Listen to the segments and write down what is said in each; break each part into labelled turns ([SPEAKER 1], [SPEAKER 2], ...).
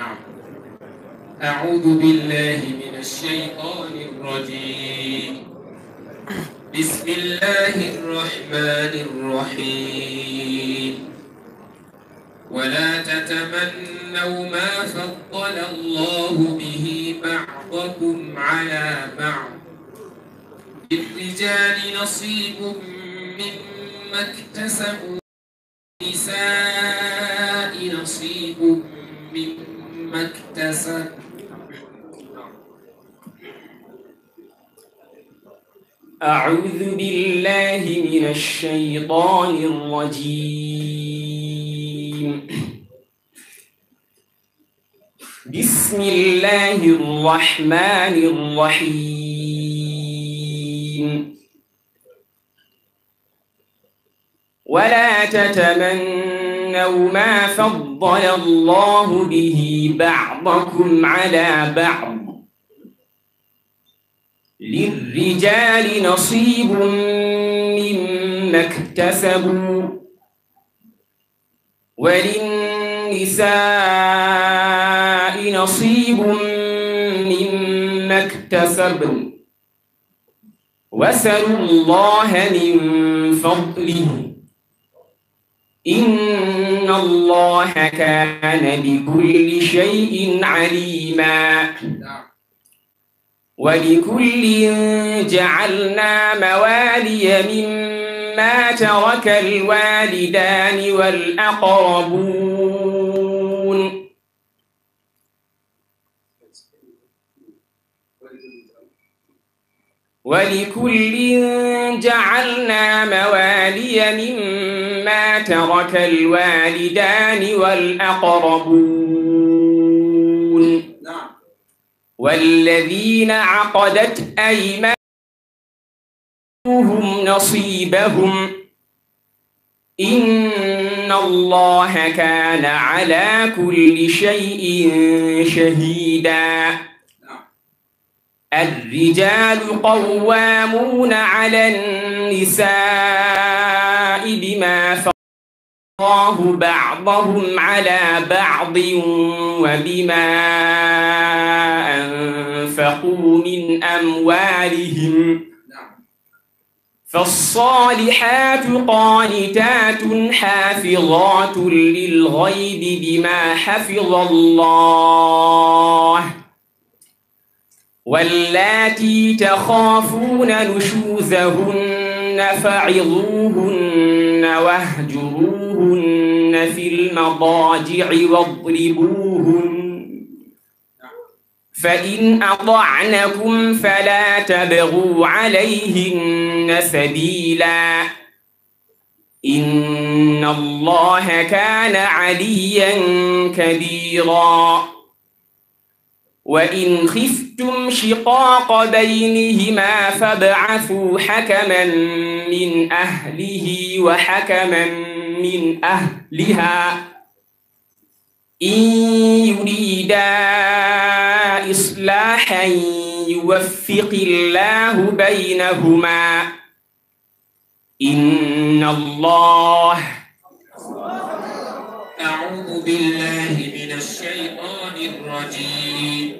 [SPEAKER 1] نعم. أعوذ بالله من الشيطان الرجيم بسم الله الرحمن الرحيم ولا تتمنوا ما فضل الله به بعضكم على بعض للرجال نصيب مما اكتسبوا نساء أعوذ بالله من الشيطان الرجيم بسم الله الرحمن الرحيم ولا تتمنوا أو مَا فَضَّلَ اللَّهُ بِهِ بَعْضَكُمْ عَلَى بَعْضٍ لِلرِّجَالِ نَصِيبٌ مِّمَّا اكْتَسَبُوا وَلِلنِّسَاءِ نَصِيبٌ مِّمَّا اكْتَسَبْنَ وَاسْأَلُوا اللَّهَ مِن فَضْلِهِ إن الله كان بكل شيء عليما ولكل جعلنا موالي مما ترك الوالدان والأقربون
[SPEAKER 2] ولكل
[SPEAKER 1] جعلنا موالي مما ترك الوالدان والأقربون نعم. والذين عقدت أيمانهم نصيبهم إن الله كان على كل شيء شهيداً الرجال قوامون على النساء بما فضل الله بعضهم على بعض وبما أنفقوا من أموالهم فالصالحات قانتات حافظات للغيب بما حفظ الله واللاتي تخافون نشوزهن فعظوهن واهجروهن في المضاجع واضربوهن فإن أطعنكم فلا تبغوا عليهن سبيلا إن الله كان عليا كبيرا وإن خفتم شقاق بينهما فابعثوا حكما من أهله وحكما من أهلها إن يريدا إصلاحا يوفق الله بينهما إن الله بالله من الشيطان الرجيم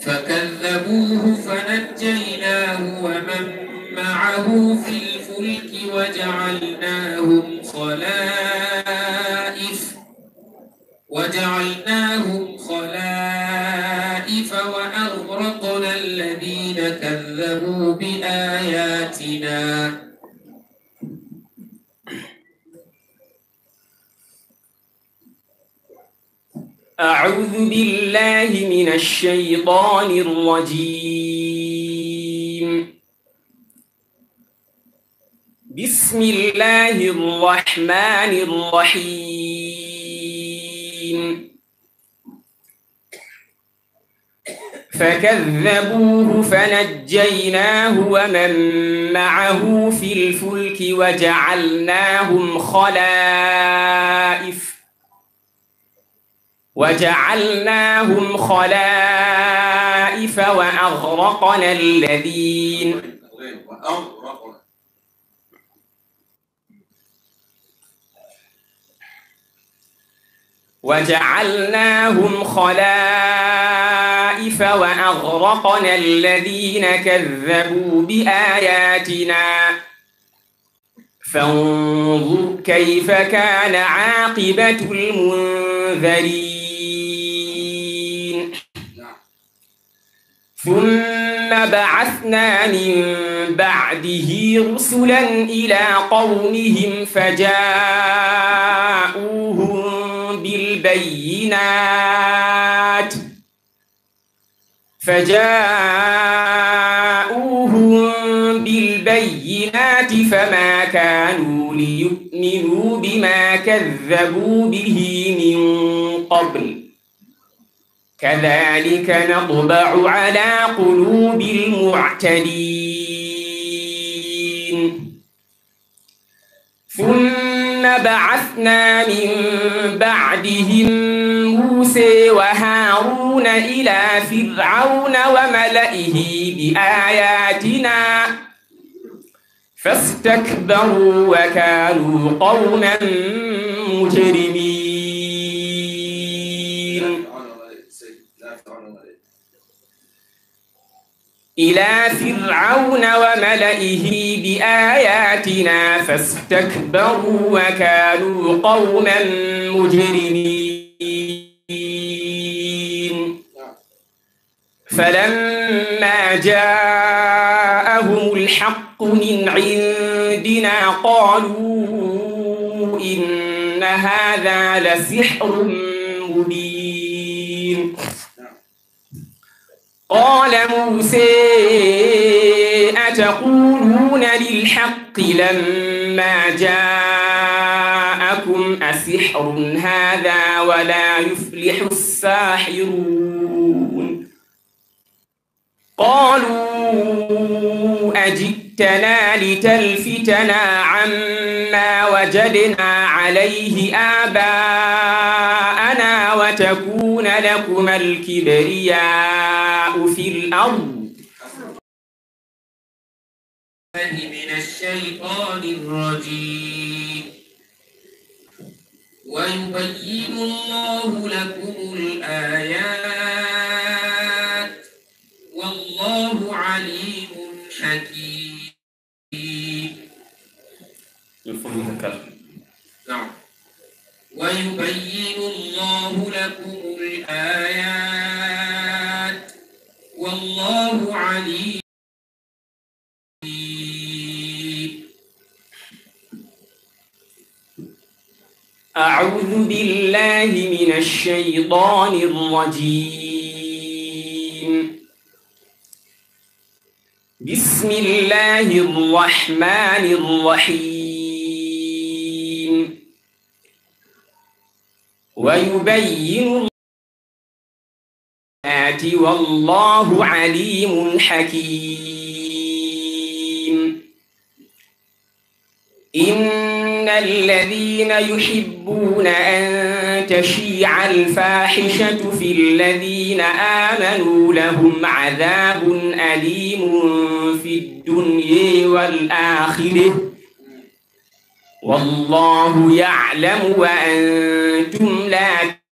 [SPEAKER 1] فكذبوه فنجيناه ومن معه في الفلك وجعلناهم خلائف وجعلناهم خلائف وأغرقنا الذين كذبوا بآياتنا أعوذ بالله من الشيطان الرجيم بسم الله الرحمن الرحيم فكذبوه فنجيناه ومن معه في الفلك وجعلناهم خلائف وجعلناهم خلائف وأغرقنا الذين وجعلناهم خلائف وأغرقنا الذين كذبوا بآياتنا فانظر كيف كان عاقبة المنذرين ثم بعثنا من بعده رسلا إلى قومهم فجاءوهم بالبينات فجاءوهم بالبينات البينات فما كانوا ليؤمنوا بما كذبوا به من قبل كذلك نطبع على قلوب المعتدين ثم بعثنا من بعدهم موسى وهارون إلى فرعون وملئه بآياتنا فاستكبروا وكانوا قوما مجرمين إلى فرعون وملئه بآياتنا فاستكبروا وكانوا قوما مجرمين فلما جاءهم الحق حق من عندنا قالوا إن هذا لسحر مبين قال موسى أتقولون للحق لما جاءكم أسحر هذا ولا يفلح الساحرون قالوا أجئتنا لتلفتنا عما وجدنا عليه آباءنا وتكون لكم الكبرياء في الأرض من الشيطان الرجيم ويبين الله لكم الآيات عليم حكيم نعم ويبين الله لكم الآيات والله عليم أعوذ بالله من الشيطان الرجيم بسم الله الرحمن الرحيم ويبين الآيات والله عليم حكيم إن الذين يحبون أن تشيع الفاحشة في الذين آمنوا لهم عذاب أليم في الدنيا والآخرة والله يعلم وأنتم لا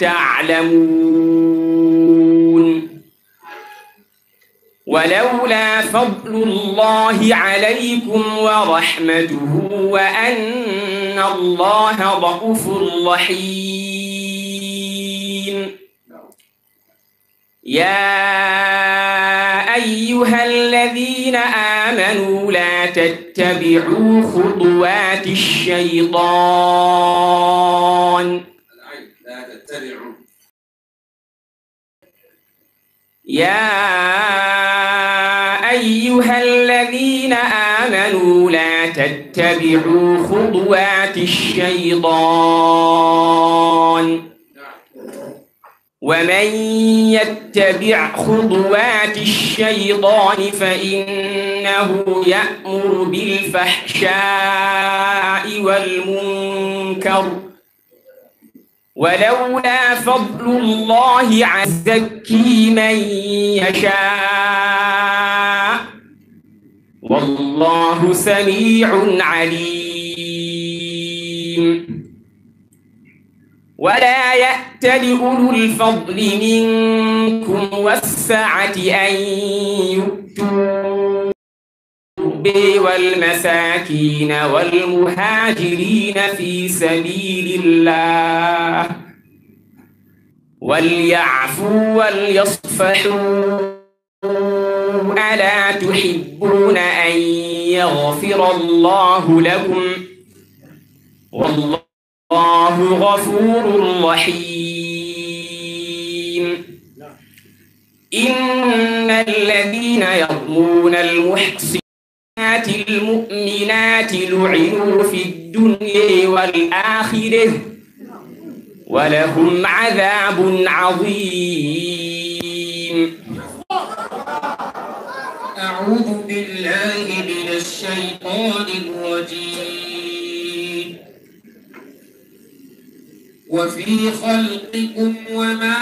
[SPEAKER 1] تعلمون ولولا فضل الله عليكم ورحمته وأن الله ضعف رحيم يا أيها الذين آمنوا لا تتبعوا خطوات الشيطان لا تتبعوا يا أيها الذين آمنوا لا تتبعوا خطوات الشيطان ومن يتبع خطوات الشيطان فإنه يأمر بالفحشاء والمنكر ولولا فضل الله عزكي من يشاء والله سميع عليم ولا يأتل أولو الفضل منكم والسعة أن يؤتوا والمساكين والمهاجرين في سبيل الله وليعفوا وليصفحوا ألا تحبون أن يغفر الله لكم والله غفور رحيم إن الذين يرمون المحصنات المؤمنات لعنوا في الدنيا والآخرة ولهم عذاب عظيم أعوذ بالله من الشيطان الرجيم وفي خلقكم وما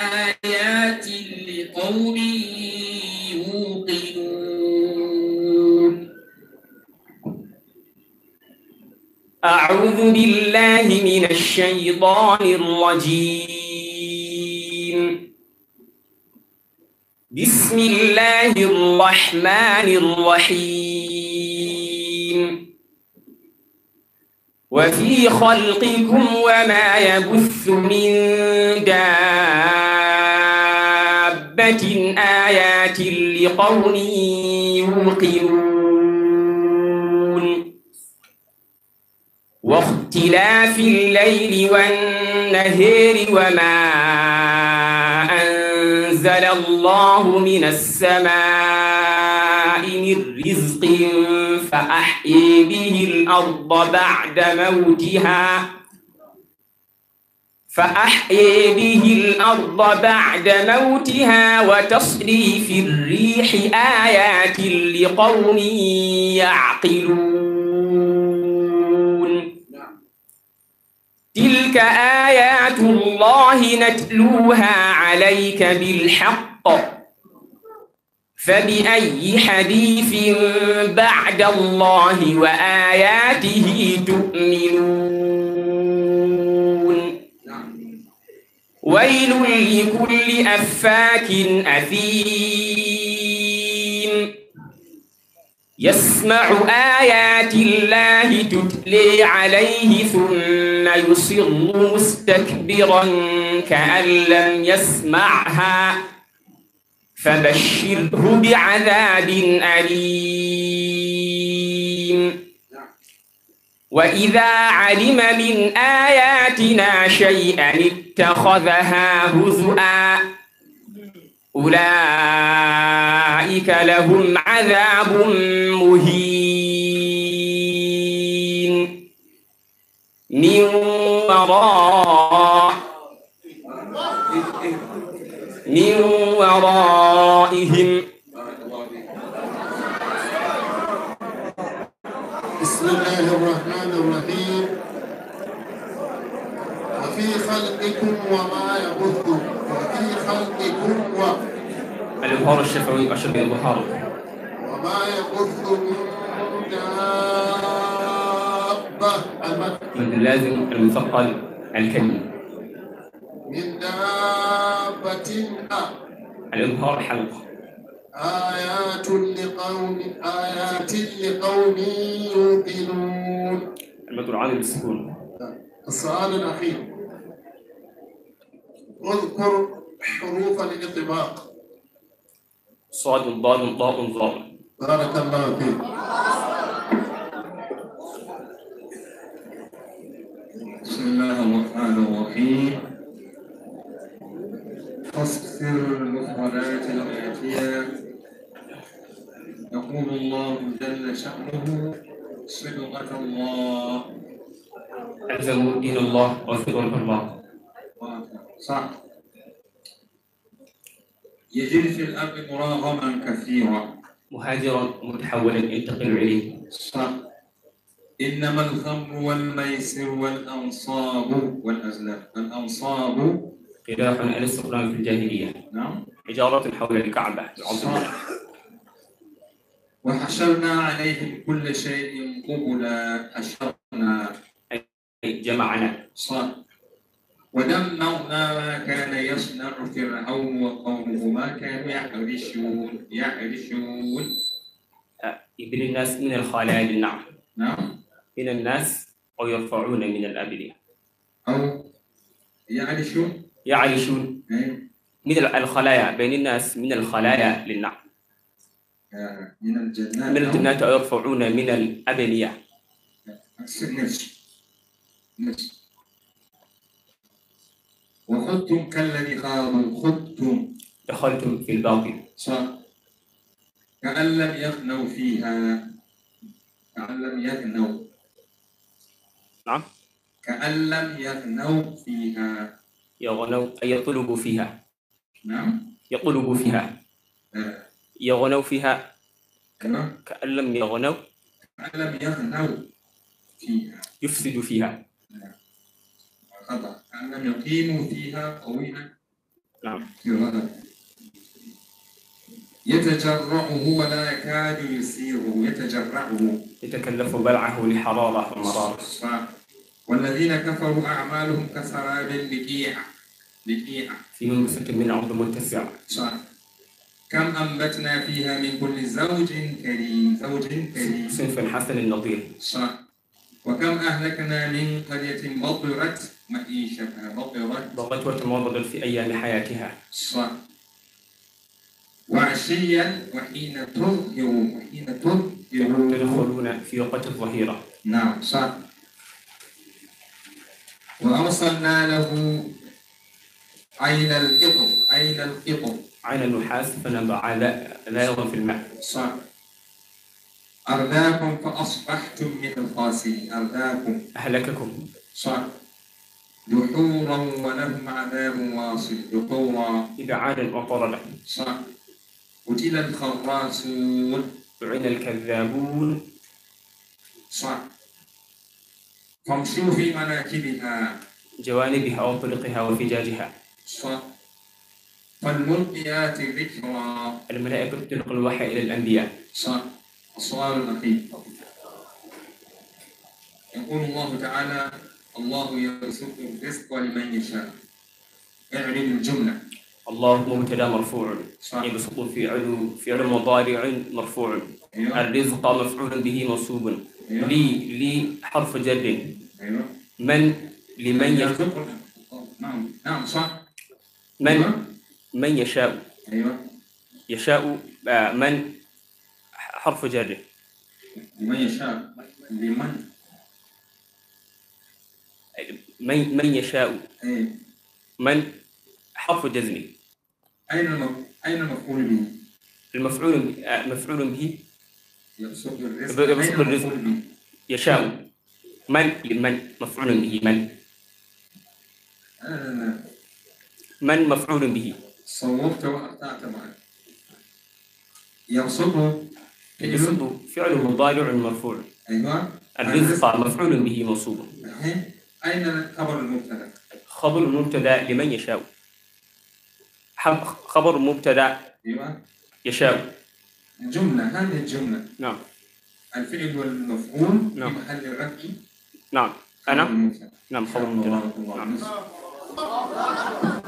[SPEAKER 1] آيات لقوم يوقنون أعوذ بالله من الشيطان الرجيم بسم الله الرحمن الرحيم وفي خلقكم وما يبث من دابة آيات لقوم يوقنون واختلاف الليل والنهار وما أنزل الله من السماء من رزق فأحيي به الأرض بعد موتها فأحيي به الأرض بعد موتها وتصري في الريح آيات لقوم يعقلون تلك آيات الله نتلوها عليك بالحق فبأي حديث بعد الله وآياته تؤمنون ويل لكل أفاك أثيم
[SPEAKER 2] يسمع
[SPEAKER 1] آيات الله تتلي عليه ثم يصر مستكبرا كأن لم يسمعها فبشره بعذاب أليم وإذا علم من آياتنا شيئا اتخذها هزؤا أولئك لهم عذاب مهين من وراء من ورائهم بسم الله الرحمن الرحيم وفي خلقكم وما يبث وفي خلقكم و الإظهار الشفوي عشر البحار وما يبث من دابة المد اللازم المثقل الكلمي من دابة حبة الإظهار حلقة آيات لقوم آيات لقوم يوقنون المدر العالي بالسكون السؤال الأخير اذكر حروف الإطباق صاد ضاد ضاء ضاء بارك الله فيك بسم الله الرحمن الرحيم فاصبر المفردات الآتية يقول الله جل شأنه صدقة الله أنزلوا دين الله وصدقة الله صح يجري في الأرض مراغما كثيرا مهاجرا متحولا ينتقل إليه صح إنما الخمر والميسر والأنصاب والأزلام الأنصاب خلافا أليس في الجاهلية نعم حجارة حول الكعبة العظمى وحشرنا عليهم كل شيء قبلا حشرنا أي جمعنا صح ودمرنا ما كان يصنع فرعون وقومه ما كانوا يعرشون يعرشون أه، ابن الناس من الخلائق النعم نعم من الناس أو يرفعون من الأبرياء أو يعرشون يعيشون إيه. من الخلايا بين الناس من الخلايا للنعم آه، من الجنات من الجنات من الأبنية وخذتم كالذي قالوا خذتم دخلتم في الباطل صح كأن لم يغنوا فيها كأن لم يغنوا نعم كأن لم يغنوا فيها يغنو يطلب فيها نعم يطلب فيها أه. يغنوا فيها كأن لم يغنوا كأن لم يغنوا فيها يفسد فيها نعم. خطأ كأن لم يقيموا فيها طويلا نعم يتجرعه ولا يكاد يسيره يتجرعه يتكلف بلعه لحرارة ومرارة والذين كفروا أعمالهم كسراب بقيعة بقيعة في نسك من عرض متسع صح كم أنبتنا فيها من كل زوج كريم زوج كريم صنف الحسن النظير صح وكم أهلكنا من قرية بطرت معيشتها بطرت بطرت وتمرضت في أيام حياتها صح وعشيا وحين تظهر وحين تظهر تدخلون في وقت الظهيرة نعم صح وأوصلنا له عين القطر عين القطر عين النحاس فنبع يظن في الماء صح أرداكم فأصبحتم من الخاسرين أرداكم أهلككم صح دحورا ولهم عذاب واصل دحورا إذا عاد لهم صح قتل الخراسون عين الكذابون صح فامشوا في مناكبها جوانبها وانطلقها وفجاجها فالملقيات ذكرا الملائكة تلقي الوحي إلى الأنبياء السؤال الأخير يقول الله تعالى الله يرزق الرزق لمن يشاء اعلن الجملة الله مبتدا مرفوع يبسط في علو في علو مضارع مرفوع أيوة. الرزق مفعول به منصوب أيوة. لي لي حرف جر أيوة. من لمن يشاء نعم نعم صح من من يشاء ايوه يشاء آه، من حرف جر من يشاء لمن من من يشاء من حرف جزم اين المفعول به المفعول آه، مفعول به يبسط الرزق يشاء من لمن مفعول به من من مفعول به صوبت وأقطعت معك يبسط يبسط فعل مضارع مرفوع أيوه الرزق مفعول به منصوب أين خبر المبتدأ خبر المبتدأ لمن يشاء خبر مبتدأ أيوة. يشاء الجملة هذه الجملة نعم الفعل والمفعول نعم. في محل رفع نعم أنا نعم خبر المبتدأ نعم